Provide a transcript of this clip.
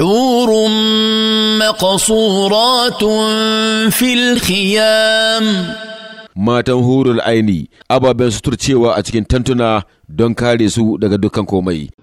حور مقصورات في الخيام matan hurul aini ababen suturcewa a cikin tantuna don kare su daga dukkan komai